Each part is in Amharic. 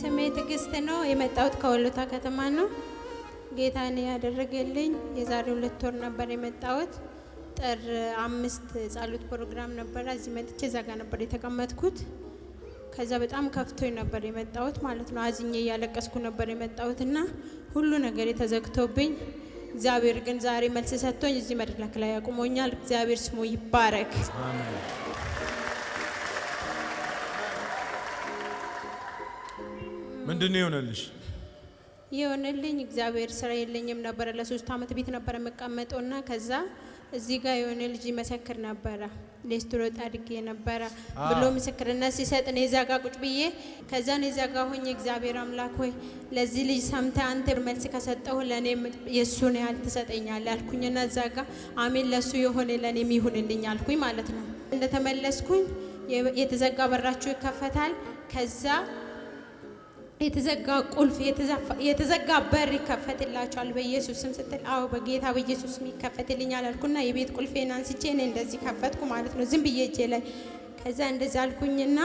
ስሜ ትዕግስት ነው። የመጣሁት ከወሎታ ከተማ ነው። ጌታን ያደረገልኝ የዛሬ ሁለት ወር ነበር የመጣሁት። ጥር አምስት ጸሎት ፕሮግራም ነበረ። እዚህ መጥቼ እዛ ጋር ነበር የተቀመጥኩት። ከዛ በጣም ከፍቶኝ ነበር የመጣሁት ማለት ነው። አዝኜ እያለቀስኩ ነበር የመጣሁት እና ሁሉ ነገር የተዘግቶብኝ እግዚአብሔር ግን ዛሬ መልስ ሰጥቶኝ እዚህ መድረክ ላይ ያቁሞኛል። እግዚአብሔር ስሙ ይባረክ። ምንድን ነው የሆነልሽ? የሆነልኝ እግዚአብሔር ስራ የለኝም ነበረ። ለሶስት አመት ቤት ነበረ የምቀመጠው እና ከዛ እዚህ ጋር የሆነ ልጅ መሰክር ነበረ ሌስትሮጥ አድጌ ነበረ ብሎ ምስክርነት ሲሰጥ ነው የዛ ጋ ቁጭ ብዬ ከዛ ነው የዛ ጋ ሆኜ እግዚአብሔር አምላክ ሆይ ለዚህ ልጅ ሰምተ አንተ መልስ ከሰጠሁ ለእኔ የእሱን ያህል ትሰጠኛለህ አልኩኝና እዛ ጋ አሜን ለእሱ የሆነ ለእኔም ይሁንልኝ አልኩኝ ማለት ነው። እንደተመለስኩኝ የተዘጋ በራችሁ ይከፈታል ከዛ የተዘጋ ቁልፍ የተዘጋ በር ይከፈትላቸዋል በኢየሱስ ስም ስትል፣ አዎ በጌታ በኢየሱስ ስም ይከፈትልኛል አልኩና የቤት ቁልፌን አንስቼ እኔ እንደዚህ ከፈትኩ ማለት ነው። ዝም ብዬ እጄ ላይ ከዛ እንደዛ አልኩኝና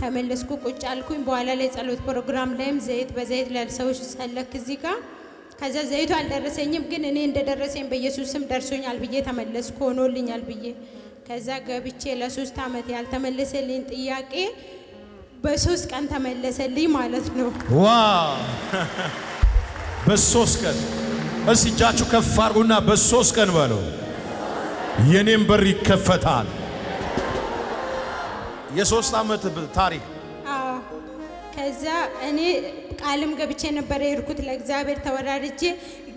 ተመለስኩ፣ ቁጭ አልኩኝ። በኋላ ላይ ጸሎት ፕሮግራም ላይም ዘይት በዘይት ለሰዎች ጸለክ እዚህ ጋር ከዛ ዘይቱ አልደረሰኝም፣ ግን እኔ እንደደረሰኝ በኢየሱስ ስም ደርሶኛል ብዬ ተመለስኩ፣ ሆኖልኛል ብዬ ከዛ ገብቼ ለሶስት ዓመት ያልተመለሰልኝ ጥያቄ በሶስት ቀን ተመለሰልኝ ማለት ነው። ዋ በሶስት ቀን እስ እጃችሁ ከፍ አርጉና በሶስት ቀን በለው የኔም በር ይከፈታል። የሶስት ዓመት ታሪክ ከዛ እኔ ቃልም ገብቼ ነበር የሄድኩት ለእግዚአብሔር ተወዳድጄ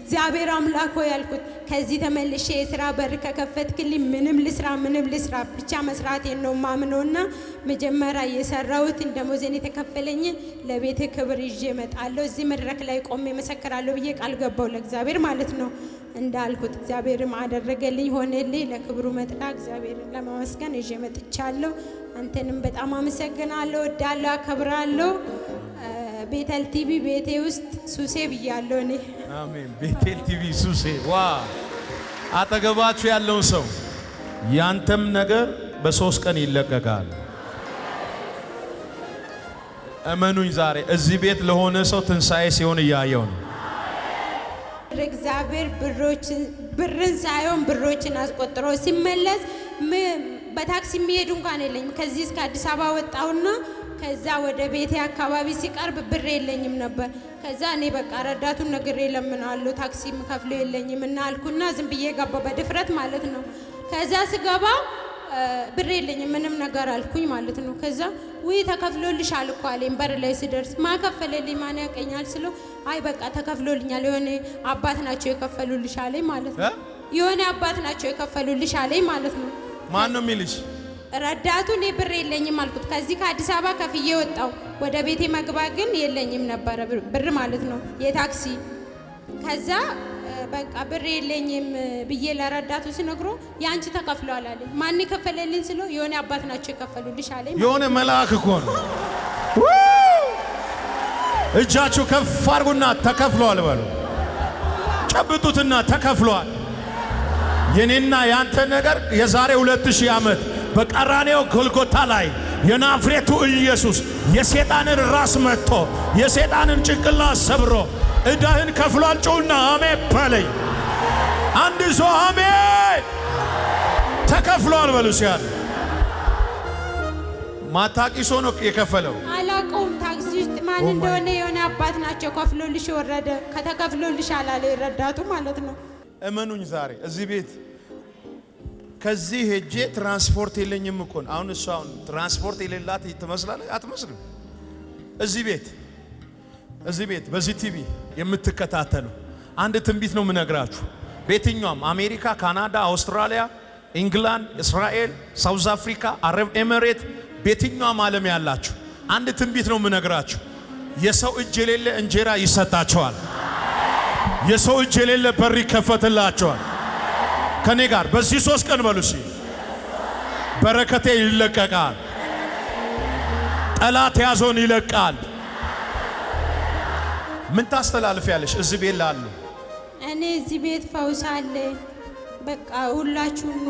እግዚአብሔር አምላክ ሆይ ያልኩት ከዚህ ተመልሼ የስራ በር ከከፈትክልኝ ምንም ልስራ ምንም ልስራ ብቻ መስራቴን ነው ማምነውና መጀመሪያ የሰራሁትን ደሞዜን የተከፈለኝን ለቤት ክብር ይዤ እመጣለሁ። እዚህ መድረክ ላይ ቆሜ መሰክራለሁ ብዬ ቃል ገባው ለእግዚአብሔር ማለት ነው። እንዳልኩት እግዚአብሔርም አደረገልኝ፣ ሆነልኝ። ለክብሩ መጥላ እግዚአብሔርን ለማመስገን ይዤ መጥቻለሁ። አንተንም በጣም አመሰግናለሁ፣ እወዳለሁ፣ አከብራለሁ። ቤተል ቲቪ ቤቴ ውስጥ ሱሴ ብያለሁ እኔ። አሜን። ቤተል ቲቪ ሱሴ። ዋ አጠገባችሁ ያለውን ሰው ያንተም ነገር በሶስት ቀን ይለቀቃል። እመኑኝ፣ ዛሬ እዚህ ቤት ለሆነ ሰው ትንሣኤ ሲሆን እያየው ነው። እግዚአብሔር ብርን ሳይሆን ብሮችን አስቆጥሮ ሲመለስ በታክሲ የሚሄዱ እንኳን የለኝም። ከዚህ እስከ አዲስ አበባ ወጣውና። ከዛ ወደ ቤቴ አካባቢ ሲቀርብ ብር የለኝም ነበር። ከዛ እኔ በቃ ረዳቱን ነግሬ ለምናለሁ ታክሲም ከፍሎ የለኝም እና አልኩና ዝም ብዬ ገባ በድፍረት ማለት ነው። ከዛ ስገባ ብር የለኝም ምንም ነገር አልኩኝ ማለት ነው። ከዛ ውይ ተከፍሎልሽ እኮ አለኝ። በር ላይ ስደርስ ማከፈለልኝ ማን ያቀኛል ስሎ አይ በቃ ተከፍሎልኛል የሆነ አባት ናቸው የከፈሉልሽ አለኝ ማለት ነው። የሆነ አባት ናቸው የከፈሉልሽ አለኝ ማለት ነው። ማን ነው የሚልሽ? ረዳቱ እኔ ብር የለኝም አልኩት። ከዚህ ከአዲስ አበባ ከፍዬ ወጣው። ወደ ቤቴ መግባ ግን የለኝም ነበረ ብር ማለት ነው የታክሲ ከዛ በቃ ብር የለኝም ብዬ ለረዳቱ ሲነግሮ የአንቺ ተከፍሏል አለ። ማን የከፈለልኝ ስለ የሆነ አባት ናቸው የከፈሉልሽ አለኝ። የሆነ መልአክ እኮ ነው። እጃችሁ ከፍ አድርጉና ተከፍሏል በሉ። ጨብጡትና ተከፍሏል። የኔና የአንተ ነገር የዛሬ ሁለት ሺህ ዓመት በቀራኔው ጎልጎታ ላይ የናፍሬቱ ኢየሱስ የሴጣንን ራስ መጥቶ የሴጣንን ጭንቅላ ሰብሮ እዳህን ከፍሏል። ጩውና አሜ በለይ። አንድ ሰው አሜ ተከፍሏል በሉ። ሲያል ማታቂ ነው የከፈለው። አላውቀውም። ታክሲ ውስጥ ማን እንደሆነ የሆነ አባት ናቸው። ከፍሎልሽ ወረደ ከተከፍሎልሽ አላለ። ይረዳቱ ማለት ነው። እመኑኝ ዛሬ እዚህ ቤት ከዚህ ሄጄ ትራንስፖርት የለኝም እኮ አሁን እሱ አሁን ትራንስፖርት የሌላት ትመስላለች? አትመስልም። እዚህ ቤት እዚህ ቤት በዚህ ቲቪ የምትከታተሉ አንድ ትንቢት ነው የምነግራችሁ። በየትኛውም አሜሪካ፣ ካናዳ፣ አውስትራሊያ፣ ኢንግላንድ፣ እስራኤል፣ ሳውዝ አፍሪካ፣ አረብ ኤምሬት፣ በየትኛውም ዓለም ያላችሁ አንድ ትንቢት ነው የምነግራችሁ። የሰው እጅ የሌለ እንጀራ ይሰጣቸዋል። የሰው እጅ የሌለ በር ይከፈትላቸዋል። ከኔ ጋር በዚህ ሶስት ቀን በሉሲ በረከቴ ይለቀቃል። ጠላት ያዞን ይለቃል። ምን ታስተላልፍ ያለሽ እዚህ ቤት ላሉ እኔ እዚህ ቤት ፈውስ አለ። በቃ ሁላችሁ ኑ፣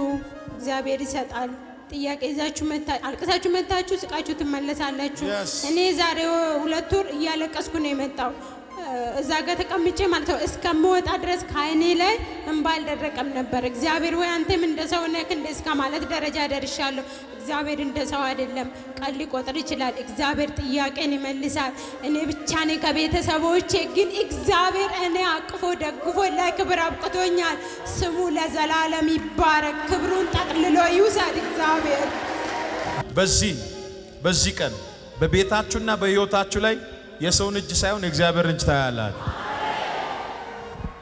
እግዚአብሔር ይሰጣል። ጥያቄ ይዛችሁ አልቅሳችሁ መታችሁ፣ ስቃችሁ ትመለሳላችሁ። እኔ ዛሬ ሁለት ወር እያለቀስኩ ነው የመጣው እዛ ጋር ተቀምጬ ማለት ነው እስከምወጣ ድረስ ከዓይኔ ላይ እንባ አልደረቀም ነበር። እግዚአብሔር ወይ አንተም እንደ ሰው ነህ እንደ እስከ ማለት ደረጃ ደርሻለሁ። እግዚአብሔር እንደ ሰው አይደለም፣ ቀን ሊቆጥር ይችላል። እግዚአብሔር ጥያቄን ይመልሳል። እኔ ብቻ ነኝ ከቤተሰቦቼ ግን እግዚአብሔር እኔ አቅፎ ደግፎ ለክብር አብቅቶኛል። ስሙ ለዘላለም ይባረክ። ክብሩን ጠቅልሎ ይውሰድ እግዚአብሔር። በዚህ በዚህ ቀን በቤታችሁና በሕይወታችሁ ላይ የሰውን እጅ ሳይሆን የእግዚአብሔር እጅ ታያላችሁ።